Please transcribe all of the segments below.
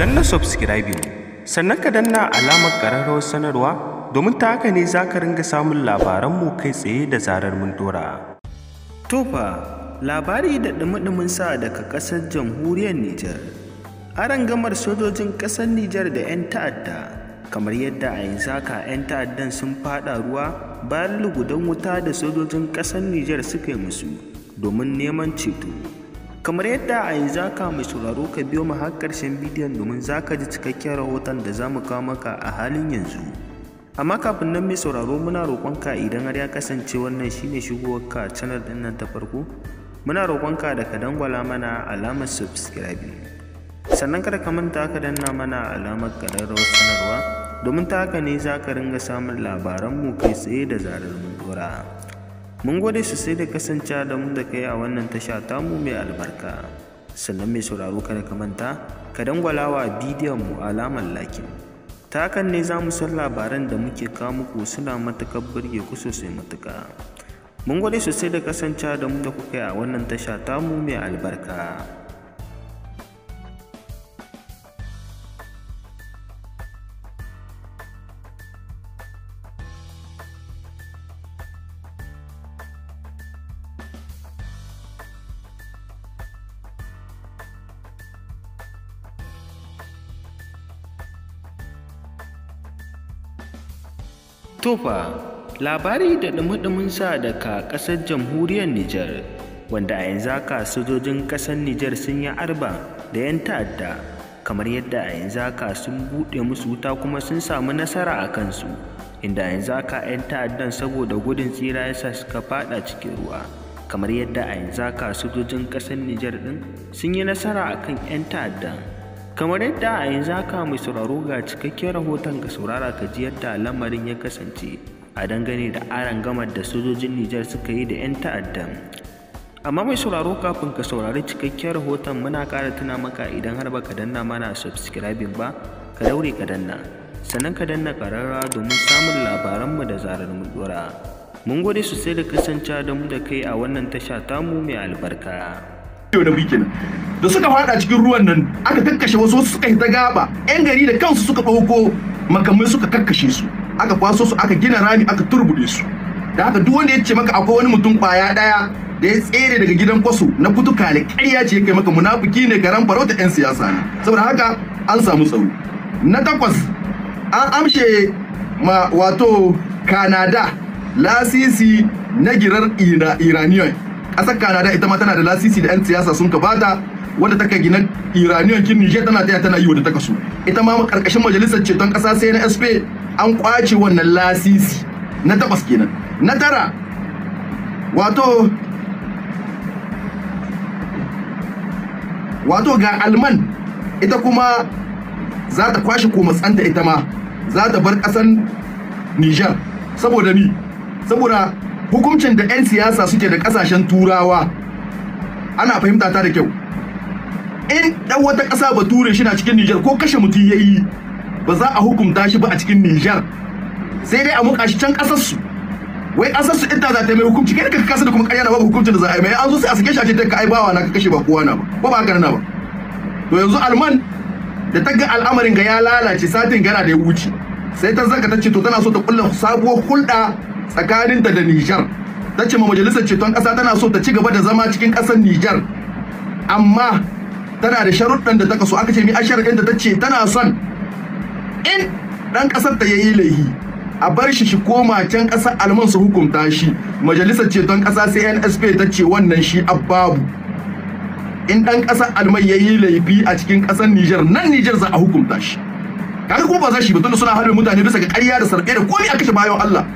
danna subscribing sannan ka danna alamar ƙararrawar sanarwa domin ta haka ne za ka ringa samun labaranmu kai tsaye da zarar mun dora. Tofa labari da ɗumi sa daga ƙasar jamhuriyar Nijar. Aran gamar sojojin ƙasar Nijar da 'yan ta'adda kamar yadda a yanzu haka 'yan ta'addan sun faɗa ruwa bayan lugudan wuta da sojojin ƙasar Nijar suka yi musu domin neman ceto. kamar yadda a yanzu ka mai sauraro ka biyo mu har karshen bidiyon domin za ka ji cikakken rahoton da za mu kawo maka a halin yanzu amma kafin nan mai sauraro muna roƙonka idan har ya kasance wannan shine shigowarka a canar din nan ta farko muna roƙonka da ka dangwala mana alamar subscribe sannan kada ka manta ka danna mana alamar ƙararrawar sanarwa domin ta haka ne za ka ringa samun labaranmu kai tsaye da zarar mun dora. mun gode sai da kasance da mu da kai a wannan tasha tamu mai albarka sannan mai sauraro kada ka manta ka dangwala wa bidiyon mu alamar lakin ta hakan ne za mu san labaran da muke kawo muku suna matukar burge ku sosai matuka mun gode sosai da kasance da mu da kuka a wannan tasha tamu mai albarka Tofa labari da ɗumuɗumin sa daga ƙasar jamhuriyar Nijar wanda a yanzu haka sojojin ƙasar Nijar sun yi arba da 'yan ta'adda kamar yadda a yanzu haka sun buɗe musu wuta kuma sun samu nasara a kansu inda a yanzu haka 'yan ta'addan saboda gudun tsira ya sa suka faɗa cikin ruwa kamar yadda a yanzu haka sojojin ƙasar Nijar ɗin sun yi nasara a kan 'yan ta'addan. kamar yadda a yanzu haka mai sauraro ga cikakken rahoton ga saurara ka ji yadda lamarin ya kasance a dangane da aran gamar da sojojin nijar suka yi da 'yan ta'adda amma mai sauraro kafin ka saurari cikakken rahoton muna kara tuna maka idan har baka danna mana subscribing ba ka daure ka danna sannan ka danna ƙararra domin samun labaranmu da zarar mu dora mun gode sosai da kasance da mu da kai a wannan tasha tamu mai albarka yau da wiki nan da suka fada cikin ruwan nan aka kakkashe wasu wasu suka ta gaba yan gari da kansu suka ɗauko makamai suka kakkashe su aka kwaso su aka gina rami aka turbude su da haka duk wanda ya ce maka akwai wani mutum kwaya daya da ya tsere daga gidan kwaso na kutuka da ƙarya ce kai maka munafuki ne garan farauta yan siyasa ne saboda haka an samu tsaro na takwas an amshe ma wato kanada lasisi na girar Iraniyoyi. ƙasar kanada ita ma tana da lasisi da 'yan siyasa sun ka bata wanda taka gina iraniyan kin niger tana taya tana yi wadda ta kasu ita ma karkashin majalisar ceton ƙasa sai na sp an kwace wannan lasisi na takwas kenan na tara wato wato ga alman ita kuma za ta kwashe matsanta ita ma za ta bar kasan nijar saboda ni saboda hukuncin da 'yan siyasa suke da kasashen turawa ana fahimta ta da kyau in ɗan wata ƙasa ba ture shi na cikin Nijar ko kashe mutum ya yi ba za a hukunta shi ba a cikin Nijar sai dai a muka shi can ƙasarsu wai ƙasarsu ita za ta mai hukunci kai ka kasa da kuma ƙarya na babu hukuncin da za a yi mai an zo sai a sake shi a ce ta ka ai bawa na ka kashe ba kowa na ba ko ba haka na ba to yanzu alman da ta ga al'amarin ga ya lalace satin gana da ya wuce sai ta zaka ta ce to tana so ta kulla sabuwar hulɗa tsakaninta da Nijar ta ce ma majalisar ceton ƙasa tana so ta ci gaba da zama cikin ƙasar Nijar amma tana da sharuɗɗan da ta kaso aka ce mi a da ta ce tana son in ɗan ƙasar ta yayi laihi a bar shi shi koma can ƙasar alman su hukunta shi majalisar ceton ƙasa CNSP ta ce wannan shi ababu in ɗan ƙasar alman yayi laifi a cikin ƙasar Nijar nan Nijar za a hukunta shi kaga ko ba za shi ba tunda suna harbe mutane bisa ga ƙarya da sarƙe da komai a kashe bayan Allah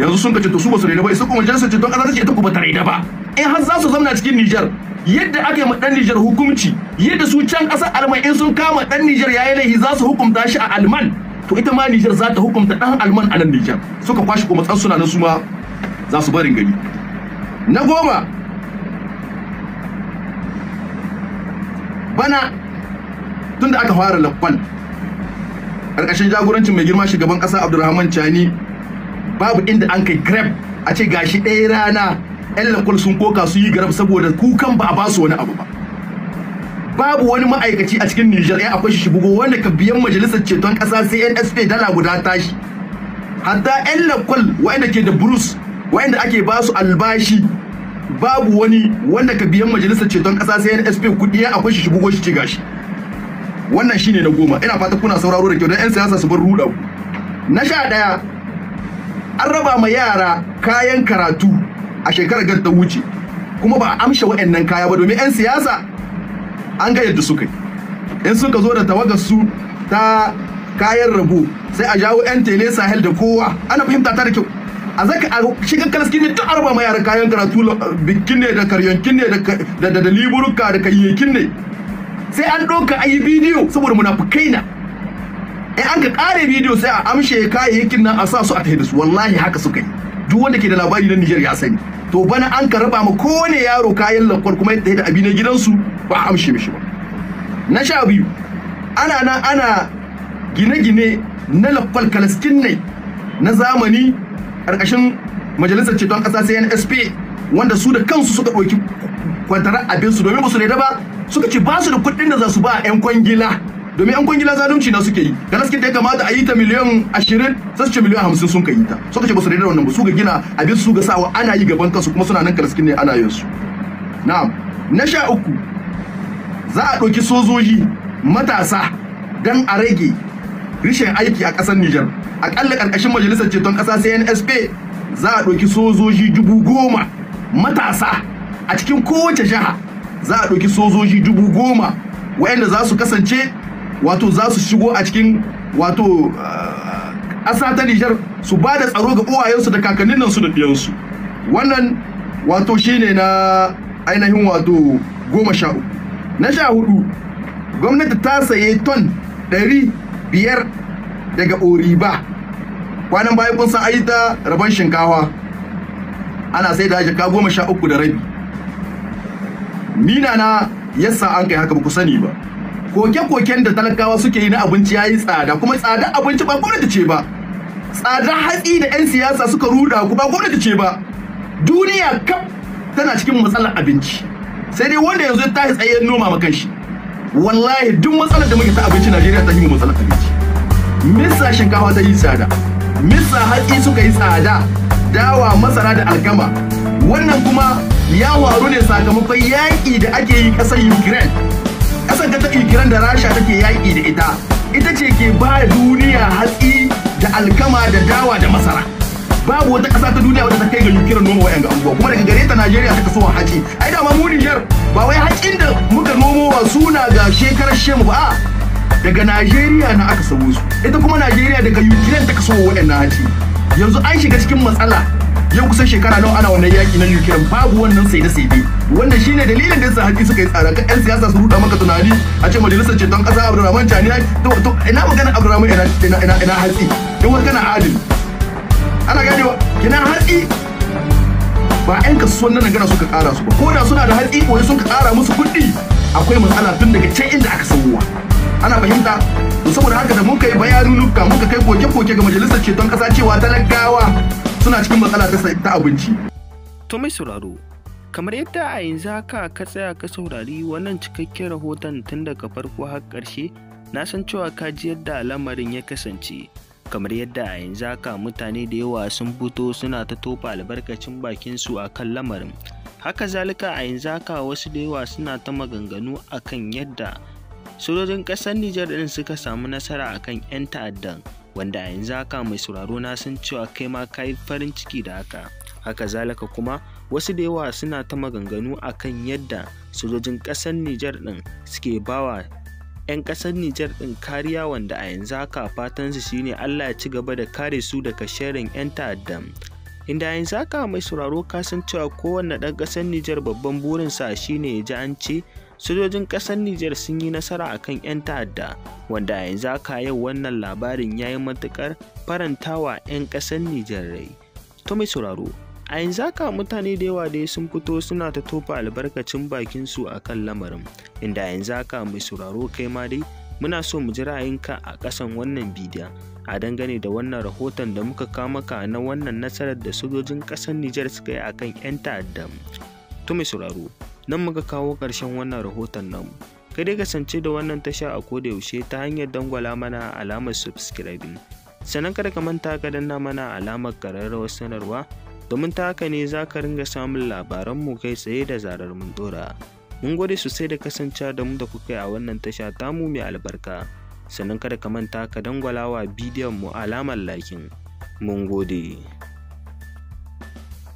yanzu sun kace to su basu raida ba su kuma ce don kasar ce ta kuma ta ba in har za su zamna cikin Nijar yadda aka yi ma dan Nijar hukunci yadda su can kasa Alman in sun kama dan Nijar yayi laifi za su hukunta shi a Alman to ita ma Nijar za ta hukunta dan Alman a nan Nijar suka kwashi kuma suna na su ma za su barin gari na goma bana tunda aka fara lakwal ƙarƙashin jagorancin mai girma shugaban ƙasa Abdulrahman Chani babu inda an kai grab a ce gashi ɗaya rana ƴan lakwal sun koka su yi grab saboda kukan ba a ba su wani abu ba babu wani ma'aikaci a cikin Nijar ya eh, akwai shi bugo wanda ka biyan majalisar ceton ƙasa CNSP dala guda tashi hatta ƴan lakwal waɗanda ke da Bruce waɗanda ake ba su albashi babu wani wanda ka biyan majalisar ceton ƙasa CNSP kuɗi ya eh, akwai shi bugo shi ce gashi wannan shine na goma ina fata kuna sauraro da kyau don 'yan siyasa su bar ruɗa na sha ɗaya an raba ma yara kayan karatu a shekarar da ta wuce kuma ba a amsha wa'annan kaya ba domin 'yan siyasa an ga yadda suka yi in suka zo da tawagar su ta kayan rabo sai a jawo 'yan tele sahel da kowa ana fahimta ta da kyau a zaka a shiga kalaski ne ta arba ma yara kayan karatu bikin ne da karyankin ne da da da kayyakin ne sai an ɗauka a yi bidiyo saboda munafukai na an ka kare bidiyo sai a amshe kayayyakin nan a sa su a tafi da su wallahi haka suka yi duk wanda ke da labari na Nijar ya sani to bana an ka raba ma kowane yaro kayan lankwar kuma ya da abin gidansu ba a amshe mishi ba na sha biyu ana nan ana gine-gine na lakwal kalaskin ne na zamani karkashin majalisar ceton kasa sai nsp wanda su da kansu suka ɗauki kwantarar abinsu domin ba su da ba suka ce ba su da kuɗin da za su ba 'yan kwangila domin an kwangila zalunci na suke yi ga gaske da kamata a yi ta miliyan 20 sai su ce miliyan 50 sun kai ta suka ce ba su da wannan ba su ga gina abin su ga sawa ana yi gaban kansu kuma suna nan karskin ne ana yin su na'am na sha uku za a ɗauki sojoji matasa don a rage rishin aiki a ƙasar Nijar aƙalla ƙarƙashin majalisar ceton ƙasa CNSP za a ɗauki sojoji dubu goma matasa a cikin kowace jiha za a ɗauki sojoji dubu goma waɗanda za su kasance wato za su shigo a cikin wato ah, ƙasa ta Nijar su ba da tsaro ga uwayensu da kakannin su da biyansu, wannan wato shi ne na ainihin wato goma sha uku na sha hudu gwamnati ta saye ton ɗari biyar daga oriba kwanan baya kun san ayyuta rabon shinkawa ana sai da jaka goma sha uku da rabi nina na yasa an kai haka ba ku sani ba koke-koken da talakawa suke yi na abinci ya yi tsada kuma tsada abinci ba gwamnati ce ba tsada hatsi da 'yan siyasa suka ruda ku ba gwamnati ce ba duniya kaf tana cikin matsalar abinci sai dai wanda yanzu ya tashi tsaye noma ma kanshi wallahi duk matsalar da muke ta abinci Najeriya ta yi matsalar abinci misa shinkafa ta yi tsada misa hatsi suka yi tsada dawa masara da alkama wannan kuma ya waru ne sakamakon yaƙi da ake yi ƙasar Ukraine kasar ta kiran da rasha take yaƙi da ita ita ce ke ba duniya hatsi da alkama da dawa da masara babu wata ƙasa ta duniya wadda ta kai ga yukiran noma wayan ga anguwa kuma daga gare ta Najeriya ta kaso haƙi ai dama mu Niger ba wai haƙin da muka nomo wa suna ga shekarar shemu ba daga Najeriya na aka sabo su ita kuma Najeriya daga Ukraine ta kaso wayan haƙi yanzu an shiga cikin matsala yau kusan shekara nawa ana wannan yaki na Ukraine babu wannan sai da sai wannan shine dalilin da yasa haƙi suka yi tsara kan ƴan siyasa su ruda maka tunani a ce majalisar ceton ƙasa Abdulrahman Tani to to ina magana Abdulrahman ina ina ina ina hatsi in wani kana adil ana gane wa kina hatsi ba 'yan kasuwan nan gana suka ƙara su ba ko da suna da hatsi ko sun ƙara musu kuɗi akwai matsala tun daga can inda aka sauwa ana fahimta to saboda haka da muka yi bayanunuka muka kai koke-koke ga majalisar ceton ƙasa cewa talakawa suna cikin matsala ta abinci. To mai sauraro, kamar yadda a yanzu haka ka tsaya ka saurari wannan cikakken rahoton tun daga farko har ƙarshe na san cewa ka ji yadda lamarin ya kasance kamar yadda a yanzu haka mutane da yawa sun fito suna ta tofa albarkacin bakin su akan lamarin haka zalika a yanzu haka wasu da yawa suna ta maganganu akan yadda sojojin ƙasar Nijar ɗin suka samu nasara akan 'yan ta'addan wanda a yanzu haka mai sauraro na sun cewa kai ma ka yi farin ciki da haka haka zalaka kuma wasu da yawa suna ta maganganu a kan yadda sojojin ƙasar Nijar ɗin suke bawa 'yan ƙasar Nijar ɗin kariya wanda a yanzu haka fatansu shine Allah ya ci gaba da kare su daga sharin 'yan ta'adda. Inda a yanzu haka mai sauraro kasan-cewa kowanne ɗan ƙasar Nijar babban burinsa shine ya ji an ce sojojin ƙasar Nijar sun yi nasara a kan 'yan ta'adda wanda a yanzu aka yau wannan labarin ya yi matuƙar farantawa 'yan ƙasar Nijar rai. To mai sauraro, a yanzu aka mutane da yawa dai sun fito suna ta tofa albarkacin bakinsu a kan lamarin, inda a yanzu aka mai sauraro kai ma dai muna so mu ji ra'ayinka a ƙasan wannan bidiyon a dangane da wannan rahoton da muka kamaka na wannan nasarar da sojojin ƙasar Nijar suka yi a kan 'yan ta'adda. To mai sauraro, nan muka kawo ƙarshen wannan rahoton namu kai dai kasance da wannan tasha a yaushe ta hanyar dangwala mana alamar subscribing sannan kada ka manta ka danna mana alamar ƙararrawar sanarwa domin ta haka ne za ka ringa samun labaranmu kai tsaye da zarar mun ɗora mun gode sosai da kasance da mu da kuka a wannan tasha tamu mai albarka sannan kada ka manta ka dangwala wa bidiyon mu alamar lakin mun gode